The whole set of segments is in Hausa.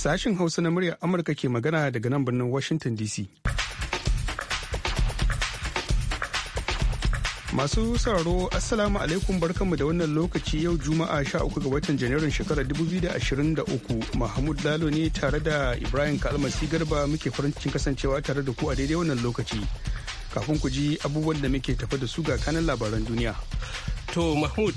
sashen Hausa na muryar Amurka ke magana daga nan birnin Washington DC. Masu sauraro Assalamu alaikum barkanmu da wannan lokaci yau Juma'a 13 ga watan Janairun shekarar 2023 Mahmud Lalo ne tare da Ibrahim Kalmasi Garba muke farin cikin kasancewa tare da ku a daidai wannan lokaci. Kafin ku ji abubuwan da muke tafi da su ga kanan labaran duniya. To Mahmud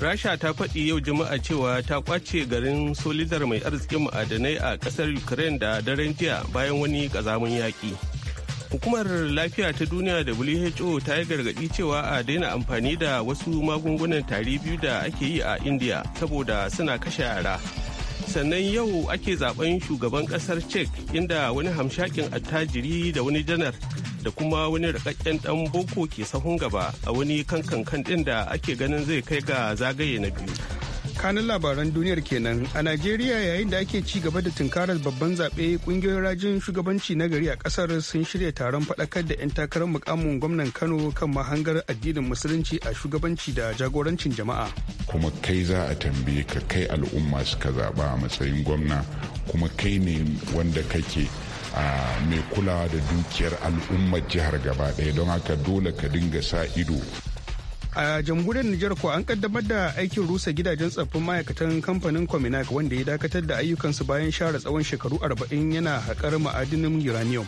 rasha ta faɗi yau juma'a cewa ta kwace garin solidar mai arzikin ma'adanai a ƙasar ukraine da daren jiya bayan wani ƙazamin yaƙi hukumar lafiya ta duniya who ta yi gargaɗi cewa a daina amfani da wasu magungunan tari biyu da ake yi a india saboda suna kashe yara sannan yau ake zaben shugaban ƙasar czech inda wani hamshakin attajiri da wani janar da kuma wani rikakken dan boko ke sahun gaba a wani kankan kan din da ake ganin zai kai ga zagaye na biyu kanin labaran duniyar kenan a najeriya yayin da ake ci gaba da tunkarar babban zaɓe ƙungiyoyin rajin shugabanci na gari a kasar sun shirya taron faɗakar da 'yan takarar mukamin gwamnan kano kan mahangar addinin musulunci a shugabanci da jagorancin jama'a kuma kai za a tambaye ka kai al'umma suka zaba a matsayin gwamna kuma kai ne wanda kake a mai kula da dukiyar al'ummar jihar gaba ɗaya don haka dole ka dinga sa ido a jamhuriyar Nijar ko an kaddamar da aikin rusa gidajen tsaffin ma'aikatan kamfanin Cominac wanda ya dakatar da ayyukansu bayan share tsawon shekaru 40 yana haƙar ma'adinin uranium.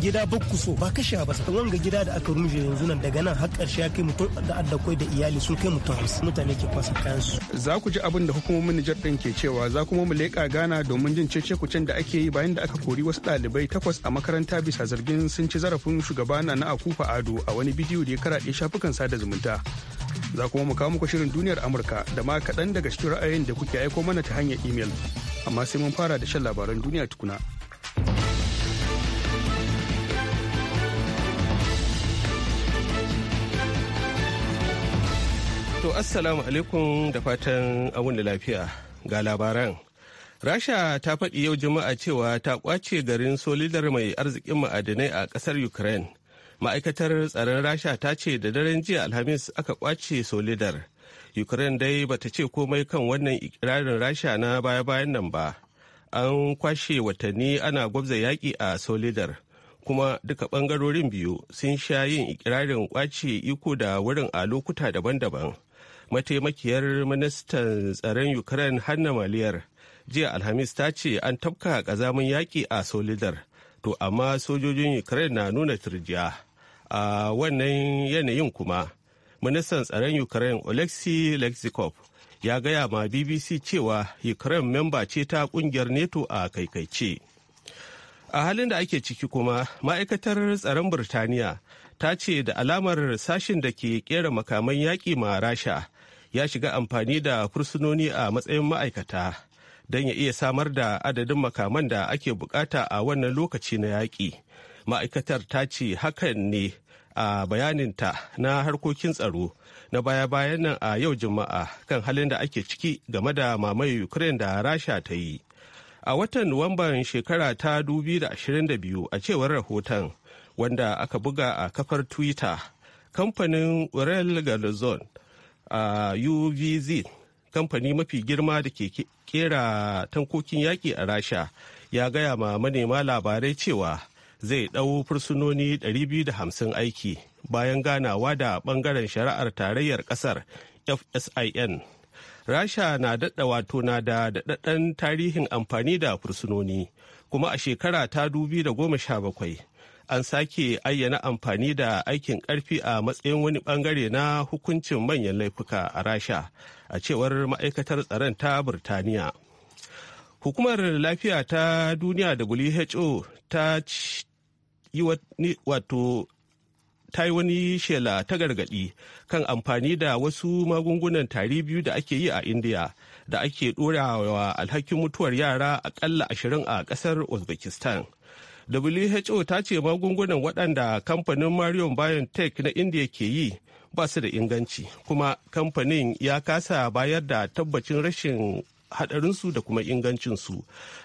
gida bakku so ba kashe ba sa wanga gida da aka rushe yanzu nan daga nan har karshe ya kai mutum da koi da iyali sun kai mutum hamsin mutane ke kwasa kayan su za ku ji abin da hukumomin Nijar din ke cewa za kuma mu leƙa Ghana domin jin cece kucen da ake yi bayan da aka kori wasu ɗalibai takwas a makaranta bisa zargin sun ci zarafin shugaba na Akufa Ado a wani bidiyo da ya karaɗe shafukan sada zumunta za kuma mu kawo muku shirin duniyar amurka da ma kaɗan daga cikin ra'ayoyin da kuke aiko mana ta hanyar imel amma sai mun fara da shan labaran duniya tukuna. To assalamu alaikum da fatan abun da lafiya ga labaran. Rasha ta faɗi yau Juma'a cewa ta ƙwace garin solidar mai arzikin ma'adinai a ƙasar Ukraine. Ma'aikatar tsaron Rasha ta ce da daren jiya Alhamis aka ƙwace solidar. Ukraine dai bata ce komai kan wannan ikirarin Rasha na baya-bayan nan ba. An kwashe watanni ana gwabza yaƙi a solidar. kuma duka bangarorin biyu sun sha yin ikirarin kwace iko da wurin a lokuta daban-daban mataimakiyar ministan tsaron ukraine hanna maliyar jiya alhamis ta ce an tafka kazamin yaƙi a solidar to amma sojojin ukraine na nuna turjiya a wannan yanayin kuma ministan tsaron ukraine oleksiy lexikov ya gaya ma bbc cewa ukraine memba ce ta kungiyar neto a kaikaice a halin da ake ciki kuma ma'aikatar tsaron birtaniya ta ce da alamar sashin da ke kera makaman yaƙi ma rasha ya shiga amfani da fursunoni a matsayin ma'aikata don ya iya samar da adadin makaman da ake bukata a wannan lokaci na yaƙi ma'aikatar ta ce hakan ne a bayaninta na harkokin tsaro na baya-bayan nan a yau juma'a kan halin da ake ciki game da mamaye ukraine da rasha ta yi a watan nuwamban shekara ta 2022 a cewar rahoton wanda aka buga a kafar twitter kamfanin urel galazon a uvz kamfani mafi girma da ke kera tankokin yaƙi a rasha ya gaya ma manema labarai cewa zai ɗau fursunoni 250 aiki bayan ganawa da ɓangaren shari'ar tarayyar ƙasar fsin rasha na daɗa wato na da daɗaɗɗen tarihin amfani da fursunoni kuma a shekara ta dubi da goma sha bakwai an sake ayyana amfani da aikin karfi a matsayin wani bangare na hukuncin manyan laifuka a rasha a cewar ma'aikatar tsaron ta burtaniya hukumar lafiya ta duniya da who ta yi wato ta yi wani shela ta gargadi kan amfani da wasu magungunan tari biyu da ake yi a indiya da ake ɗorawa alhakin mutuwar yara akalla ashirin a ƙasar uzbekistan WHO ta ce magungunan waɗanda kamfanin Marion BioNTech na India ke yi ba su da inganci kuma kamfanin ya kasa bayar da tabbacin rashin hadarinsu da kuma ingancinsu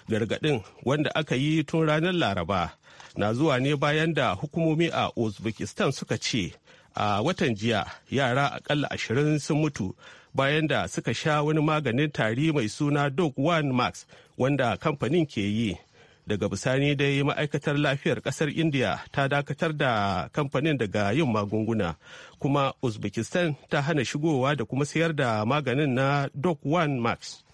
gargaɗin wanda aka yi tun ranar laraba na zuwa ne bayan da hukumomi a uzbekistan suka ce a watan jiya yara akalla ashirin sun mutu bayan da suka sha wani maganin tari mai suna dog one max wanda kamfanin ke yi daga bisani dai ma'aikatar lafiyar kasar india ta dakatar da kamfanin daga yin magunguna kuma uzbekistan ta hana shigowa da kuma sayar da maganin na doc one max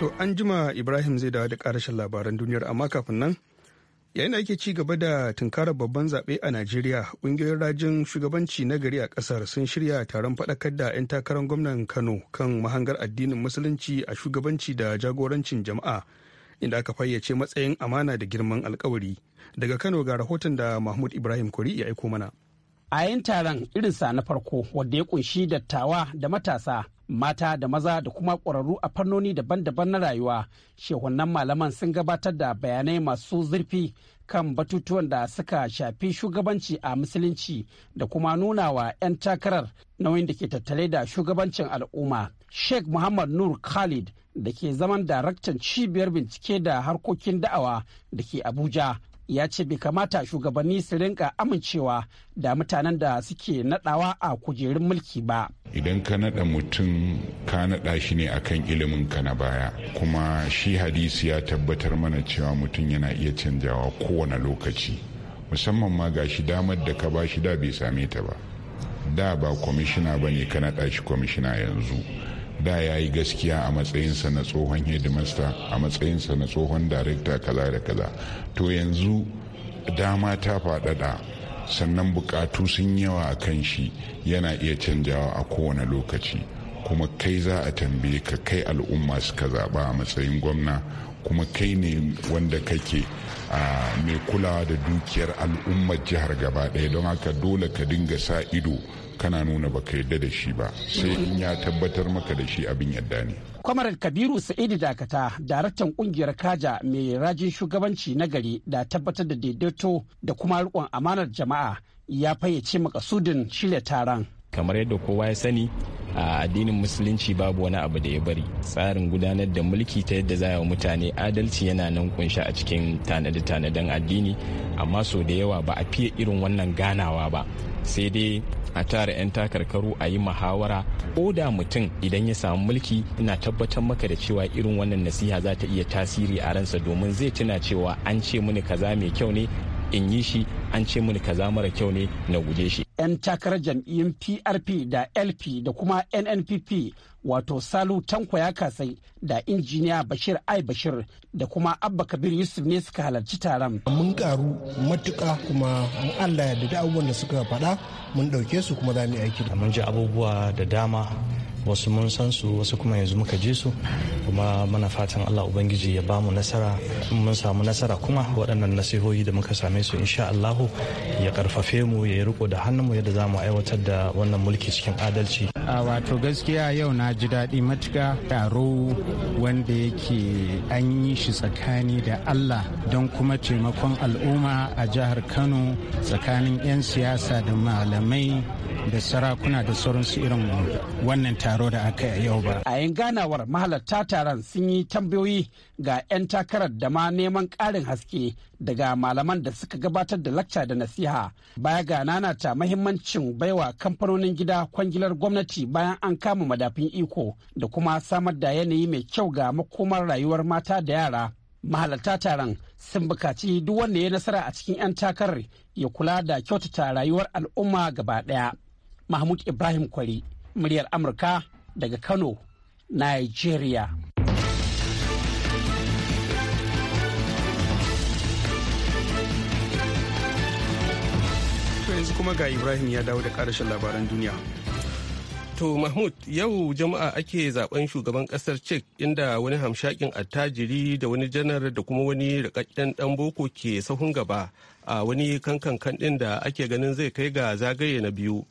to an jima ibrahim zai dawo da karashin labaran duniyar amma kafin nan yayin da ake ci gaba da tunkarar babban zaɓe a najeriya ƙungiyoyin rajin shugabanci na gari a ƙasar sun shirya taron faɗakar da 'yan takarar gwamnan kano kan mahangar addinin musulunci a shugabanci da jagorancin jama'a inda aka fayyace matsayin amana da girman alkawari daga kano ga rahoton da mahmud ibrahim kori ya aiko mana a yayin taron irinsa na farko wanda ya kunshi dattawa da matasa mata da maza da kuma ƙwararru a fannoni daban-daban na rayuwa shehunan malaman sun gabatar da bayanai masu zurfi kan batutuwan da suka shafi shugabanci a musulunci da kuma nuna wa 'yan takarar nauyin da ke tattale da shugabancin al'umma sheikh muhammad nur khalid da ke zaman daraktan cibiyar bincike da harkokin da'awa da ke abuja ya ce bai kamata shugabanni su rinka amincewa da mutanen da suke nadawa a kujerun mulki ba. Idan ka nada mutum ka nada shi ne akan ilimin ka na baya kuma shi hadisi ya tabbatar mana cewa mutum yana iya canjawa kowane lokaci musamman ma ga shi damar da ka ba shi da bai same ta ba. Da ba kwamishina ba ne ka nada shi kwamishina yanzu. da ya yi gaskiya a matsayinsa na tsohon hedimasta a matsayinsa na tsohon darekta kaza da kaza to yanzu dama ta faɗaɗa sannan bukatu sun yawa a kan shi yana iya canjawa a kowane lokaci kuma kai za a tambaye ka kai al'umma suka zaɓa a matsayin gwamna kuma kai ne wanda kake mai kula da dukiyar al'ummar jihar gaba ɗaya don haka dole ka dinga sa ido kana nuna baka yadda da shi ba sai in ya tabbatar maka da shi abin yadda ne. kwamarar kabiru sa'idu dakata daraktan kungiyar kaja mai rajin shugabanci na gari da tabbatar da daidaito da kuma riƙon amanar jama'a ya fayyace makasudin shirya taron. kamar yadda kowa ya sani a addinin musulunci babu wani abu da ya bari tsarin gudanar da mulki ta yadda za wa mutane adalci yana nan kunshi a cikin tanade-tanaden addini amma sau da yawa ba a fiye irin wannan ganawa ba sai dai a tara 'yan takarkaru a yi muhawara ko da mutum idan ya samu mulki ina tabbatar maka da cewa irin wannan nasiha za ta iya tasiri a ransa domin zai tuna cewa an ce mini kaza mai kyau ne in yi shi an ce mini kaza mara kyau ne na guje shi. 'Yan takarar jam'iyyun PRP da LP da kuma NNPP wato Salu Tanko ya kasai da injiniya Bashir Ai Bashir da kuma Abba Kabir Yusuf ne suka halarci taron. Mun karu matuka kuma mun Allah yadda da abubuwan da suka faɗa mun ɗauke su kuma za mu yi aiki. Mun ji abubuwa da dama wasu mun san su wasu kuma yanzu muka ji su kuma mana fatan allah ubangiji ya bamu nasara mun samu nasara kuma waɗannan nasihohi da muka same su insha allahu ya karfafe mu ya riko da hannunmu yadda za mu aiwatar da wannan mulki cikin adalci a wato gaskiya yau na ji daɗi matuka taro wanda yake an yi shi tsakani da allah don kuma taimakon al'umma a jihar kano tsakanin 'yan siyasa da malamai da sarakuna da sauransu irin wannan taro da aka yi yau ba. A yin ganawar mahalarta taron sun yi tambayoyi ga 'yan takarar da ma neman ƙarin haske daga malaman da suka gabatar da lacca da nasiha baya ga nanata mahimmancin baiwa kamfanonin gida kwangilar gwamnati bayan an kama madafin iko da kuma samar da yanayi mai kyau ga makomar rayuwar mata da yara. mahalarta taron sun bukaci duk wanda ya nasara a cikin 'yan takarar ya kula da kyautata rayuwar al'umma gaba ɗaya. mahmud ibrahim kwari muryar amurka daga kano nigeria yanzu kuma ga ibrahim ya dawo da karashin labaran duniya To Mahmud yau jama'a ake zaben shugaban kasar cek inda wani hamshakin attajiri da wani janar da kuma wani rikakken dan boko ke sahun gaba a wani kankan kan din da ake ganin zai kai ga zagaye na biyu.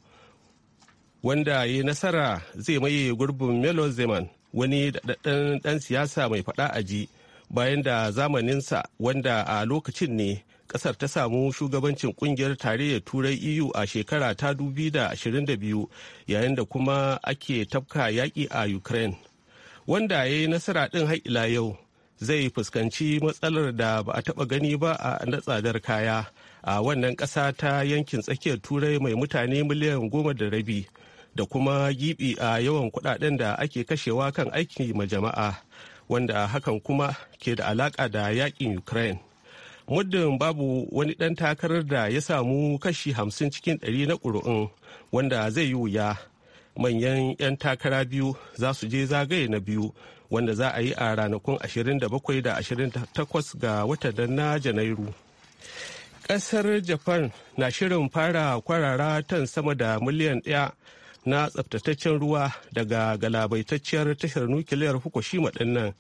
wanda ya yi nasara zai maye gurbin melo zeman wani daɗaɗɗen ɗan siyasa mai faɗa a ji bayan da zamaninsa wanda a lokacin ne ƙasar ta samu shugabancin ƙungiyar tarayyar turai eu a shekara ta biyu yayin da kuma ake tafka yaƙi a ukraine wanda ya yi nasara ɗin ila yau zai fuskanci matsalar da ba a taɓa gani ba a na tsadar kaya a wannan ƙasa ta yankin tsakiyar turai mai mutane miliyan goma da rabi da kuma gibi a yawan kudaden da ake kashewa kan aiki ma jama'a wanda hakan kuma ke da alaka da yakin ukraine muddin babu wani ɗan takarar da ya samu kashi hamsin cikin ɗari na ƙuri'un wanda zai yi wuya manyan 'yan takara biyu za su je zagaye na biyu wanda za a yi a ranakun 27 da 28 ga watan na janairu ƙasar japan na shirin fara kwarara tan sama da miliyan ɗaya na tsaftataccen ruwa daga galabaitacciyar tashar nukiliyar Fukushima ɗin nan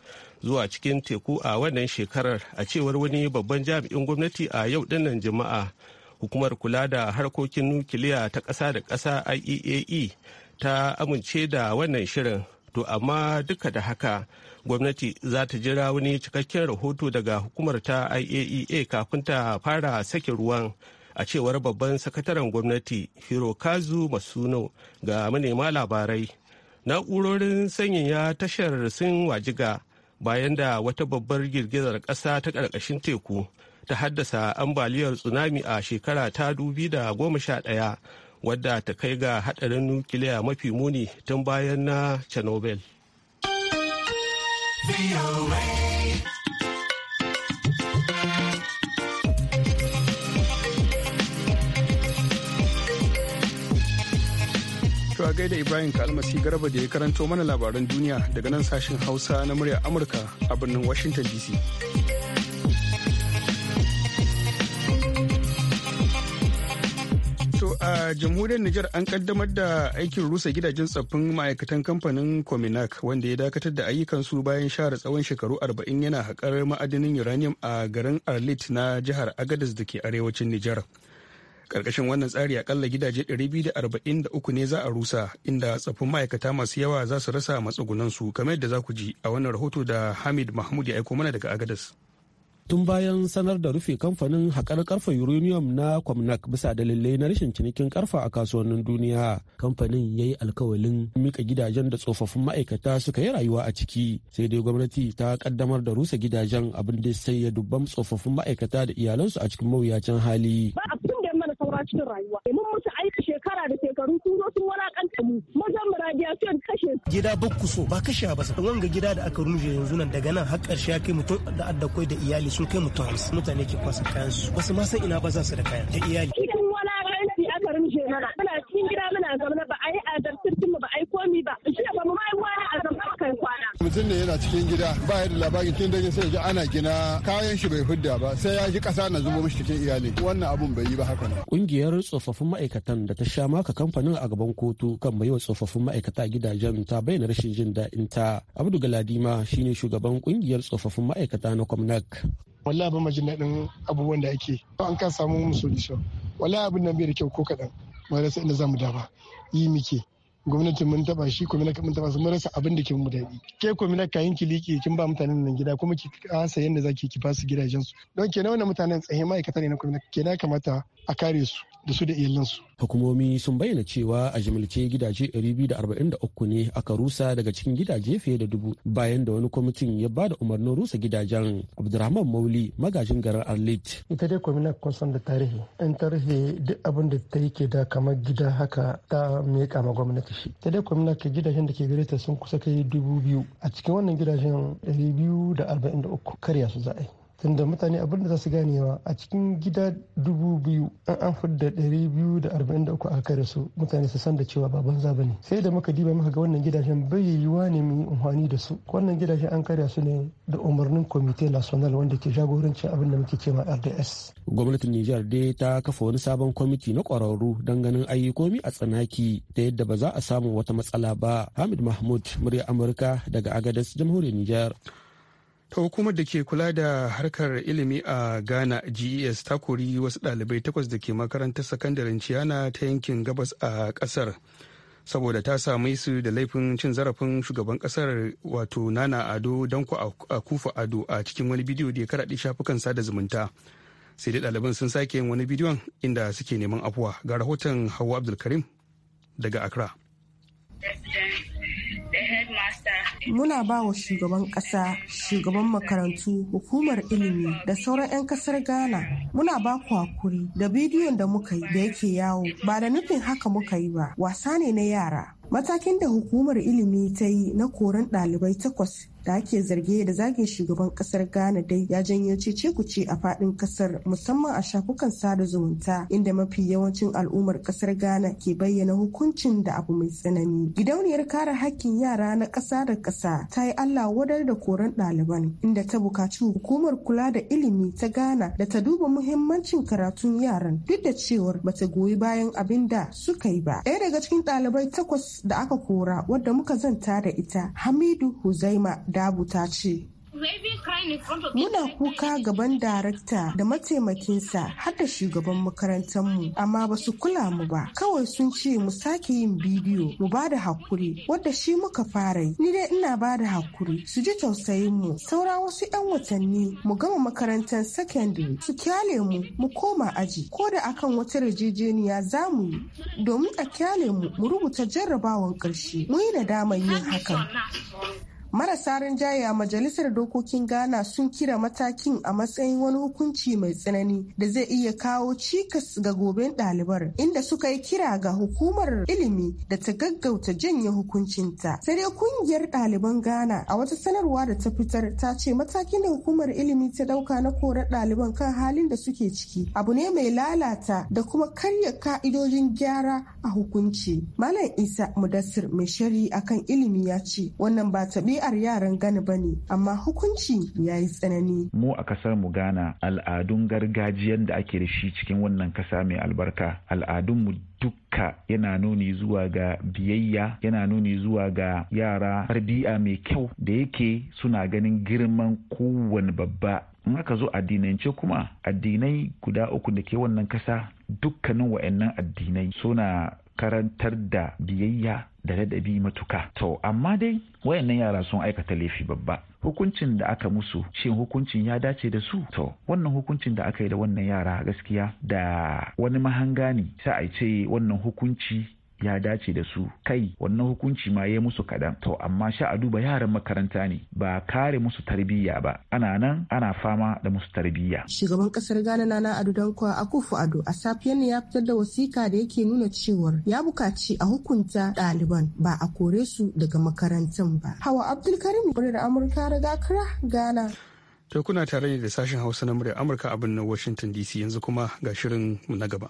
zuwa cikin teku a wannan shekarar a cewar wani babban jami'in gwamnati a yau dinnan jima'a hukumar kula da harkokin nukiliya ta ƙasa da ƙasa IEAE e, ta amince da wannan shirin to amma duka da haka gwamnati za ta jira wani cikakken rahoto daga hukumar ta IAEA e kafin ta fara sake ruwan. a cewar babban sakataren gwamnati hirokazu masuno ga manema labarai na'urorin sanyaya tashar sun wajiga bayan da wata babbar girgizar ƙasa ta ƙarƙashin teku ta haddasa ambaliyar tsunami a shekara ta goma sha ɗaya wadda ta kai ga haɗarin nukiliya mafi muni tun bayan na chernobyl. a gaida Ibrahim Kalmasi Garba da ya karanto mana labaran duniya daga nan sashen Hausa na muryar Amurka a birnin Washington DC. To a jamhuriyar Nijar an kaddamar da aikin rusa gidajen tsaffin ma'aikatan kamfanin Cominac wanda ya dakatar da ayyukansu bayan share tsawon shekaru 40 yana haƙar ma'adinin uranium a garin Arlit na jihar Agadez da ke arewacin Nijar. Karkashin wannan tsari akalla gidaje 243 ne za a rusa inda tsaffin ma'aikata masu yawa za su rasa su kamar yadda za ku ji a wannan rahoto da Hamid Mahmud ya aiko mana daga Agadas. tun bayan sanar da rufe kamfanin haƙar karfe uranium na comnac bisa dalilai na rashin cinikin karfa a kasuwannin duniya kamfanin ya yi alkawalin mika gidajen da tsofaffin ma'aikata suka yi rayuwa a ciki sai dai gwamnati ta kaddamar da rusa gidajen abin da sai ya dubban tsofaffin ma'aikata da iyalansu a cikin mawuyacin hali saura cikin rayuwa mun musu aiki shekara da shekaru sun zo sun walakanta mu mazan mu radiation kashe gida bakku so ba kashe ba sa wanga gida da aka rushe yanzu nan daga nan har ƙarshe ya kai mutum da addakwai da iyali sun kai mutum hamsin mutane ke kwasa kayan su wasu ma san ina ba za su da kayan da iyali cikin walakanci aka rushe mana gida muna zaune ba a yi adalcin mu ba a yi komi ba shi ba mu ma a kwana azabtar kai kwana. mutum ne yana cikin gida ba ya da labarin tun dare sai ya ji ana gina kayan shi bai hudda ba sai ya ji kasa na zubo mishi cikin iyali wannan abun bai yi ba haka ne kungiyar tsofaffin ma'aikatan da ta sha maka kamfanin a gaban kotu kan baiwa tsofaffin ma'aikata gidajen ta bayyana rashin jin daɗin ta abdu galadima shine shugaban kungiyar tsofaffin ma'aikata na kwamnak. wallahi ba majin daɗin abubuwan da ake an ka samu musu wallahi abin nan bai da kyau ko kaɗan mun rasa za mu dafa yi muke gwamnatin mun taba shi kwamina mun taba su mun rasa abin da ke mu daɗi ke na kayan ki kin ba mutanen nan gida kuma ki kasa yanda zaki ki su gidajen su don kenan wannan mutanen tsaye ma'aikata ne na kuma kenan kamata a kare su da su da iyalansu. Hukumomi sun bayyana cewa a jimilce gidaje 243 ne aka rusa daga cikin gidaje fiye da dubu bayan da wani kwamitin ya ba da umarnin rusa gidajen. Abdurrahman Mauli magajin garin Arlit. Ita dai kwamina kusan da tarihi. Yan tarihi duk abin da ta yi ke da kamar gida haka ta miƙa ma gwamnati shi. Ita dai kwamina ke gidajen da ke gare sun kusa kai dubu biyu. A cikin wannan gidajen 243 karya su za a yi. tunda mutane abin da za su ganewa a cikin gida dubu biyu an an fidda ɗari biyu da arba'in da uku aka da su mutane su san da cewa ba banza ba ne sai da muka diba muka ga wannan gidajen bai yiwuwa ne mu yi amfani da su wannan gidajen an karya su ne da umarnin kwamite national wanda ke jagorancin abin da muke cewa rds gwamnatin nijar dai ta kafa wani sabon kwamiti na ƙwararru don ganin komi a tsanaki ta yadda ba za a samu wata matsala ba hamid mahmud murya amurka daga agadas jamhuriyar nijar ta hukumar da ke kula da harkar ilimi a ghana ges ta kori wasu dalibai takwas da ke makarantar sakandaren ciyana ta yankin gabas a kasar saboda ta samu su da laifin cin zarafin shugaban kasar wato nana ado danko a kufa ado a cikin wani bidiyo da ya karaɗe shafukan sada zumunta sai dai ɗaliban sun sake yin wani bidiyon inda suke neman afuwa ga rahoton hawa abdulkarim daga accra Muna ba wa shugaban ƙasa, shugaban makarantu, hukumar ilimi da sauran 'yan ƙasar Ghana. Muna ba ku hakuri da bidiyon da muka yi da yake yawo. Ba da nufin haka muka yi ba, wasa ne na yara. Matakin da hukumar ilimi ta yi na koran ɗalibai takwas da ake zarge da zagin shugaban kasar ghana dai ya janyo cece kuce a fadin kasar musamman a shafukan sada zumunta inda mafi yawancin al'ummar kasar ghana ke bayyana hukuncin da abu mai tsanani gidauniyar kare hakkin yara na kasa da kasa ta yi allah wadar da koran ɗaliban inda ta bukaci hukumar kula da ilimi ta ghana da ta duba muhimmancin karatun yaran duk da cewar bata goyi bayan abin da suka yi ba ɗaya daga cikin ɗalibai takwas da aka kora wadda muka zanta da ita hamidu huzaima Dabu ta ce. Muna kuka gaban darakta da mataimakinsa har da shugaban makarantarmu amma ba su kula mu ba kawai sun ce mu sake yin bidiyo mu ba da hakuri wadda shi muka fara yi ni dai ina ba da hakuri su ji tausayin mu saura wasu yan watanni mu gama makarantar secondary su kyale mu mu koma aji ko da akan wata yarjejeniya za mu yi domin a kyale mu mu rubuta jarrabawan ƙarshe mu yi damar yin hakan. marasa rinjaye a majalisar dokokin ghana sun kira matakin a matsayin wani hukunci mai tsanani da zai iya kawo cikas ga goben ɗalibar inda suka yi kira ga hukumar ilimi da ta gaggauta janye hukuncinta sai dai kungiyar ɗaliban ghana a wata sanarwa da ta fitar ta ce matakin da hukumar ilimi ta ɗauka na korar ɗaliban kan halin da suke ciki abu ne mai lalata da kuma karya ka'idojin gyara a hukunci malam isa mudassir mai shari'a kan ilimi ya ce wannan ba tabi ɗabi'ar yaran ba ne amma hukunci ya yi tsanani. Mu a kasar mu Ghana al'adun gargajiyan da ake da shi cikin wannan kasa mai albarka al'adun mu dukka yana nuni zuwa ga biyayya yana nuni zuwa ga yara tarbiya mai kyau da yake suna ganin girman kowane babba in aka zo addinance kuma addinai guda uku da ke wannan kasa dukkanin wa'annan addinai suna karantar da biyayya da ladabi matuka to amma dai wayannan yara sun aikata laifi babba hukuncin da aka musu shin hukuncin ya dace da su to wannan hukuncin da aka yi da wannan yara gaskiya da wani mahanga ne sai a ce wannan hukunci ya dace da su kai wannan hukunci ma ya musu kaɗan to amma sha a duba yaran makaranta ne ba kare musu tarbiyya ba ana nan ana fama da musu tarbiyya shugaban kasar ghana nana ado dankwa akufu ado a safiyar ya fitar da wasiƙa da yake nuna cewar ya bukaci a hukunta ɗaliban ba a kore su daga makarantun ba hawa abdulkarim da amurka daga accra ghana Tokuna kuna tare da sashen hausa na murya amurka a birnin washington dc yanzu kuma ga shirin na gaba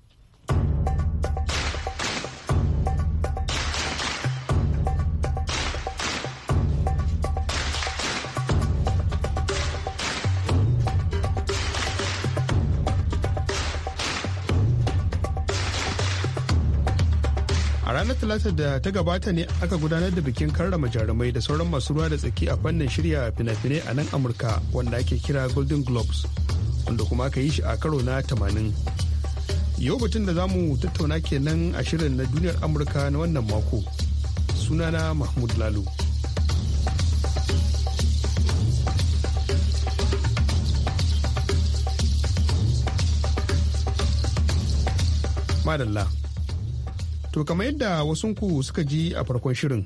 talata da ta gabata ne aka gudanar da bikin karrama jarumai da sauran masu ruwa da tsaki a fannin shirya fina-finai a nan amurka wanda ake kira golden globes wanda kuma aka yi shi a karo na 80 yau batun da zamu tattauna kenan a shirin na duniyar amurka na wannan mako sunana mahmud lalu madalla To kamar yadda wasunku suka ji a farkon shirin.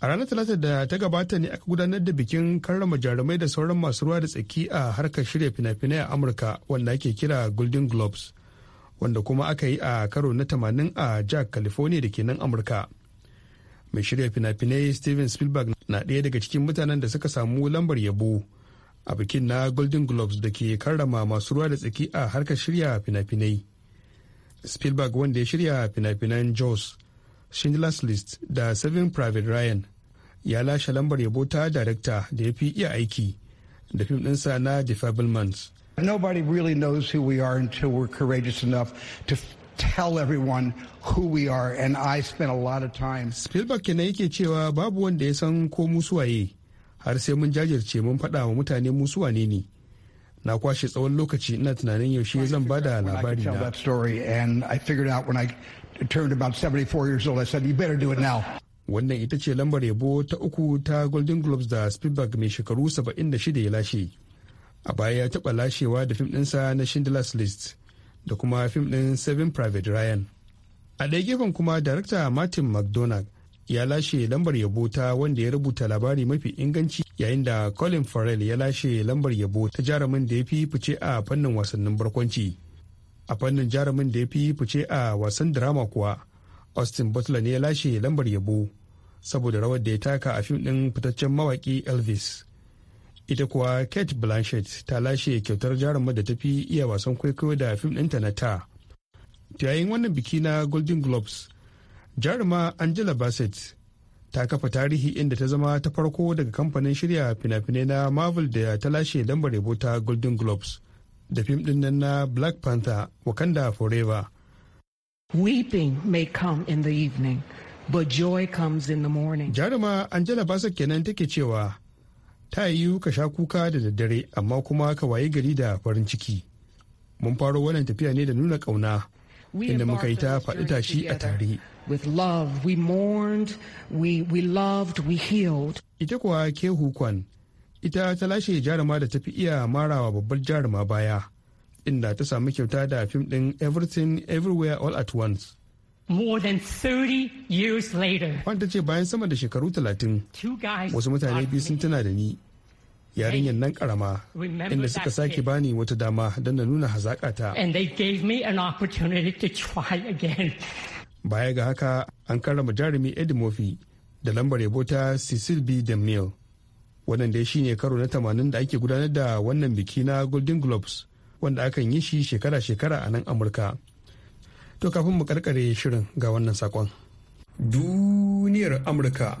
A ranar Talata da ta gabata ne aka gudanar da bikin karrama jarumai da sauran masu ruwa da tsaki a harkar shirya fina-finai a Amurka wanda ake kira Golden Globes, wanda kuma aka yi a karo na tamanin a Jack, California da ke nan Amurka. Mai shirya fina-finai Steven Spielberg na ɗaya daga cikin mutanen da suka samu lambar yabo a bikin na Golden Globes da ke karrama masu ruwa da tsaki a harkar shirya fina-finai. spielberg wanda ya shirya fina-finan jaws schindler's list da seven private ryan ya lashe lambar yabo ta darakta da ya fi iya aiki da fim ɗinsa na the fablemans Nobody really knows who we are until we're courageous enough to tell everyone who we are and I spent a lot of time. Spielberg kenan yake cewa babu wanda ya san ko mu suwaye har sai mun jajirce mun faɗa wa mutane mu suwane ne na kwashe tsawon lokaci ina tunanin yaushe zan ba da labari na. Wannan ita ce lambar yabo ta uku ta Golden Globes da Spielberg mai shekaru 76 ya lashe. A baya ya taɓa lashewa da fim ɗinsa na Schindler's List da kuma fim ɗin Seven Private Ryan. A ɗaya gefen kuma darakta Martin McDonagh ya lashe lambar yabo ta wanda ya rubuta labari mafi inganci yayin da colin farrell ya lashe lambar yabo ta jarumin da ya fi fice a fannin wasannin barkwanci a fannin jarumin da ya fi fice a wasan drama kuwa austin butler ne ya lashe lambar yabo saboda rawar da ya taka a fim ɗin fitaccen mawaki elvis ita kuwa kate blanchett ta lashe kyautar jarumar da ta fi iya wasan kwaikwayo da fim ɗinta na ta yayin wannan biki na golden globes jaruma angela bassett ta kafa tarihi inda ta zama ta farko daga kamfanin shirya fina-finai na marvel da ta lashe lambar rebo ta golden globes da fim din na black panther wakanda forever weeping may come in the evening but joy comes in the morning jaruma angela basa kenan take cewa ta yiwu ka sha kuka da daddare amma kuma ka waye gari da farin ciki mun faro wannan tafiya ne da nuna kauna inda muka yi ta faɗi tashi a tare With love, we mourned, we, we loved, we healed. Ita kuwa ke hukwan, ita ta lashe jaruma da tafi iya marawa babbar jaruma baya, inda ta samu kyauta da fim ɗin Everything Everywhere All at Once. More than 30 years later. Wanda ce bayan sama da shekaru talatin, wasu mutane biyu sun tuna da ni. yarinyar nan karama inda suka sake bani wata dama don na nuna hazaƙata. And they gave me an opportunity to try again. baya ga haka an karrama jarumi eddie murphy da lambar yabo ta cecil b demille wannan dai shine karo na tamanin da ake gudanar da wannan biki na golden globes wanda akan yi shi shekara-shekara a nan amurka to kafin mu karkare shirin ga wannan sakon duniyar amurka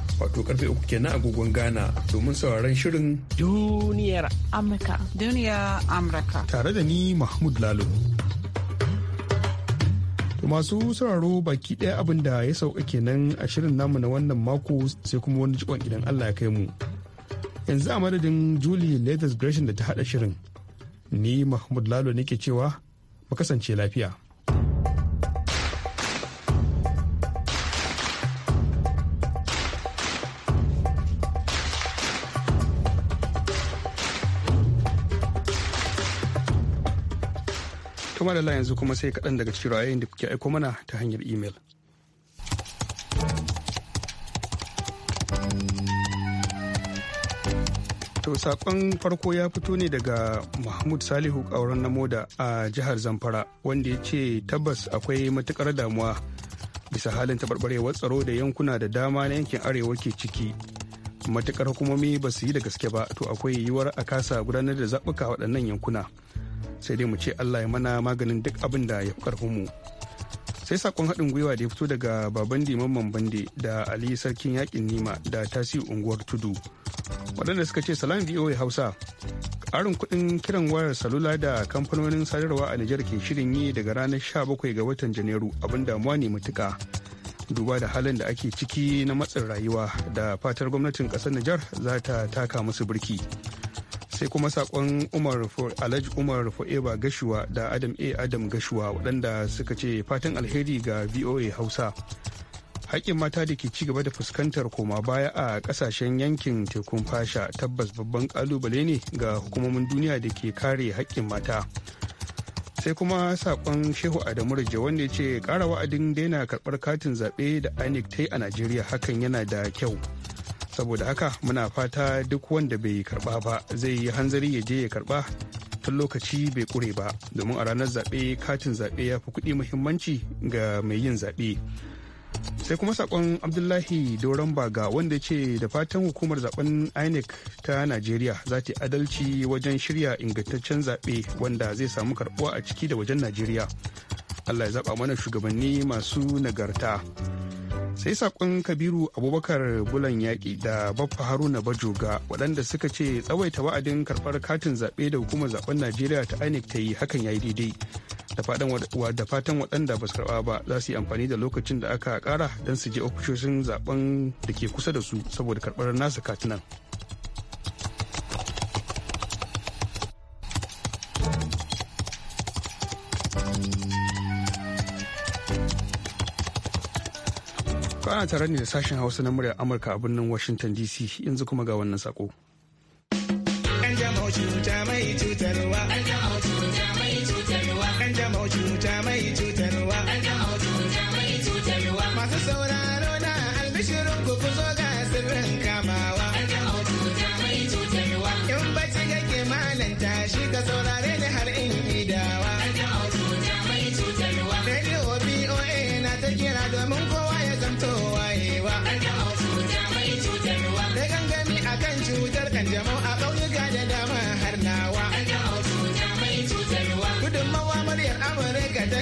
wato karfe uku kenan agogon Ghana domin sauraron shirin duniyar Amurka. duniya Amurka. Tare da ni Mahmud Lalo. masu sauraro baki ɗaya abin da ya sauka kenan a shirin namu na wannan mako sai kuma wani jikon idan Allah ya kai mu. Yanzu a madadin Julie Leathers Gresham da ta haɗa shirin, ni Mahmud Lalo ke cewa mu kasance lafiya. kamar da yanzu kuma sai kaɗan daga cikin ra'ayoyin da kuke aiko mana ta hanyar imel. To sakon farko ya fito ne daga Mahmud Salihu auren na moda a jihar Zamfara wanda ya ce tabbas akwai matukar damuwa bisa halin taɓarɓarewar tsaro da yankuna da dama na yankin arewa ke ciki. Matukar hukumomi ba su yi da gaske ba to akwai yiwuwar a kasa gudanar da zaɓuka waɗannan yankuna. sai dai mu ce allah ya mana maganin duk abin da ya fi mu sai sakon haɗin gwiwa da ya fito daga baban mamman bande da ali sarkin yakin nima da tasiri unguwar tudu waɗanda suka ce salam voa hausa ƙarin kuɗin kiran wayar salula da kamfanonin sadarwa a nijar ke shirin yi daga ranar sha bakwai ga watan janairu abin damuwa ne matuka duba da halin da ake ciki na matsin rayuwa da fatar gwamnatin ƙasar nijar za ta taka musu birki. sai kuma sakon umar alhaji umar forever gashuwa da adam a adam gashuwa waɗanda suka ce fatan alheri ga voa hausa haƙƙin mata da ke ci gaba da fuskantar koma baya a ƙasashen yankin tekun fasha tabbas babban ƙalubale ne ga hukumomin duniya da ke kare haƙƙin mata sai kuma saƙon shehu adamu rije wanda ce ƙara wa'adin daina karɓar katin zaɓe da inec ta a najeriya hakan yana da kyau saboda haka muna fata duk wanda bai karba ba zai yi hanzari ya je ya karba tun lokaci bai kure ba domin a ranar zaɓe katin zaɓe ya fi kuɗi muhimmanci ga mai yin zaɓe sai kuma sakon abdullahi doron baga wanda ce da fatan hukumar zaben inec ta najeriya za ta adalci wajen shirya ingantaccen zaɓe wanda zai samu karɓuwa a ciki da wajen najeriya allah ya zaɓa mana shugabanni masu nagarta sai sakon kabiru abubakar bulan yaƙi da baffa haruna bajoga waɗanda suka ce tsawaita wa'adin karɓar katin zaɓe da hukumar zaɓen najeriya ta inec ta yi hakan ya yi daidai da fatan waɗanda ba su karɓa ba za su yi amfani da lokacin da aka ƙara don su je ofishoshin zaɓen da ke kusa da su saboda karɓar nasu katinan. Kana tare ne da sashen Hausa na muryar Amurka a birnin Washington DC yanzu kuma ga wannan sako. An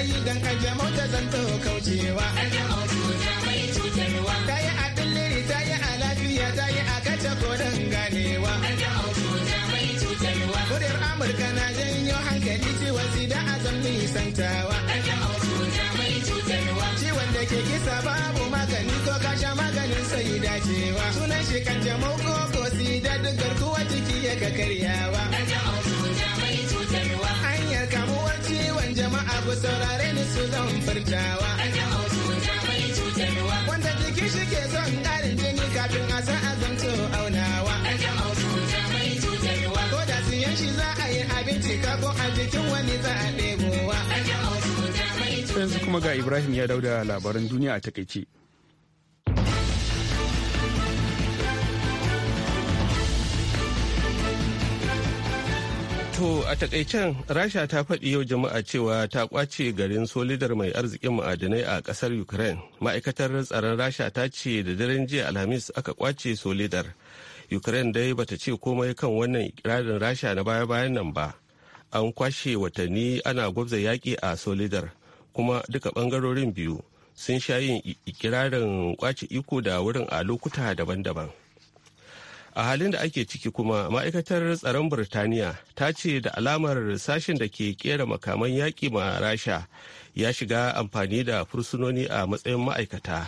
ta don don kanjamau zan zanto kaucewa. Ta yi a billiri ta yi a lafiya ta yi a kace koren ganewa. Muryar Amurka na janyo hankali ciwon sida a zan nisantawa. Ciwon da ke kisa babu magani ko kasha maganin sai dacewa. Sunan shi kanjamau ko ko sida duk garkuwa jiki ya ka karyawa. sauran jama'a ku saurare ni su zan furtawa wanda jiki shi ke son ƙarin jini kafin a san a zanto aunawa ko da siyan shi za a yi abinci ka ko a jikin wani za a ɗebowa yanzu kuma ga ibrahim ya dauda labaran duniya a takaice To a takaicen Rasha ta faɗi yau jama'a cewa ta kwace garin solidar mai arzikin ma'adinai a ƙasar Ukraine. Ma'aikatar tsaron Rasha ta ce da daren jiya Alhamis aka kwace solidar. Ukraine dai bata ce komai kan wannan ikirarin Rasha na baya-bayan nan ba. An kwashe watanni ana gwabza yaƙi a solidar kuma duka bangarorin biyu sun sha yin ikirarin kwace iko da wurin a lokuta daban-daban. a halin da ake ciki kuma ma'aikatar tsaron burtaniya ta ce da alamar sashen da ke kera makaman yaƙi ma rasha ya shiga amfani da fursunoni a matsayin ma'aikata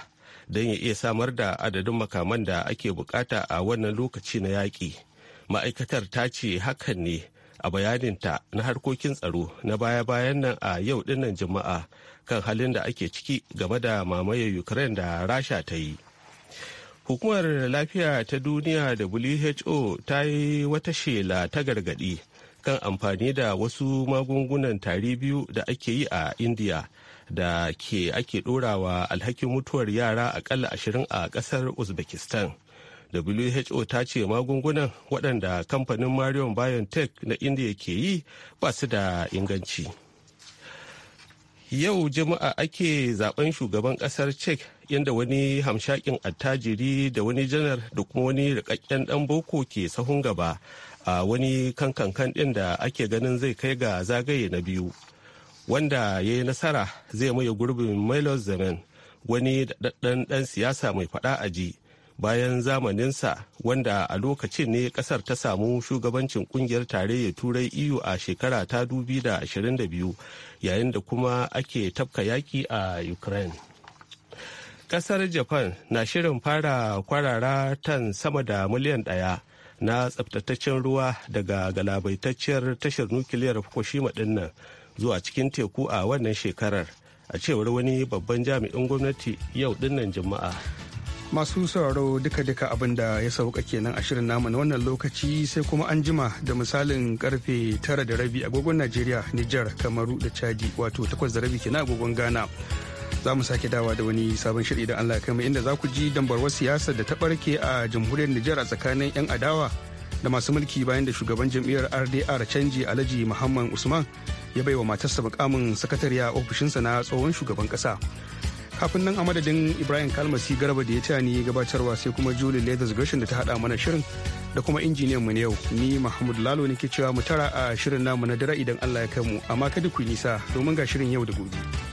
don ya iya samar da adadin makaman da ake bukata a wannan lokaci na yaƙi ma'aikatar ta ce hakan ne a bayaninta na harkokin tsaro na baya-bayan nan a yau dinnan jima'a kan halin da ake ciki game da mamayar ukraine da rasha ta yi. hukumar lafiya ta duniya who ta yi wata shela ta gargadi kan amfani da wasu magungunan tari biyu da ake yi a india da ke ake ɗorawa alhakin mutuwar yara akalla ashirin a ƙasar uzbekistan who ta ce magungunan waɗanda kamfanin marion biotech na india ke yi ba su da inganci yau juma'a ake zaben shugaban ƙasar cek. yadda wani hamshakin attajiri da wani janar da kuma wani rikakken dan boko ke sahun gaba a wani kankan din da ake ganin zai kai ga zagaye na biyu wanda ya yi nasara zai maye gurbin milos zaman wani daɗaɗɗen ɗan siyasa mai faɗa a ji bayan zamaninsa wanda a lokacin ne ƙasar ta samu shugabancin kungiyar tarayyar turai iyu e a shekara ta biyu yayin da kuma ake tafka yaƙi a ukraine kasar japan na shirin fara kwarara tan sama da miliyan ɗaya na tsabtataccen ruwa daga galabaitacciyar tashar nukiliyar fukushima dinnan zuwa cikin teku a wannan shekarar a cewar wani babban jami'in gwamnati yau dinnan juma'a masu sauraro duka-duka abin da ya sauka kenan a shirin namu na wannan lokaci sai kuma an jima da misalin karfe tara da rabi agogon najeriya nijar kamaru da chadi wato takwas da rabi kenan agogon ghana za mu sake dawa da wani sabon shirin da Allah kai inda za ku ji dambarwar siyasar da ta barke a jamhuriyar Nijar a tsakanin 'yan adawa da masu mulki bayan da shugaban jam'iyyar RDR canji Alhaji Muhammad Usman ya baiwa matarsa mukamin sakatariya ofishinsa na tsohon shugaban kasa. Kafin nan a madadin Ibrahim Kalmasi Garba da ya taya ni gabatarwa sai kuma Julie Leathers Gershon da ta haɗa mana shirin da kuma injiniyan mu ne yau ni Mahmud Lalo ne ke cewa mu tara a shirin namu na dare idan Allah ya kai mu amma kada ku nisa domin ga shirin yau da gobe.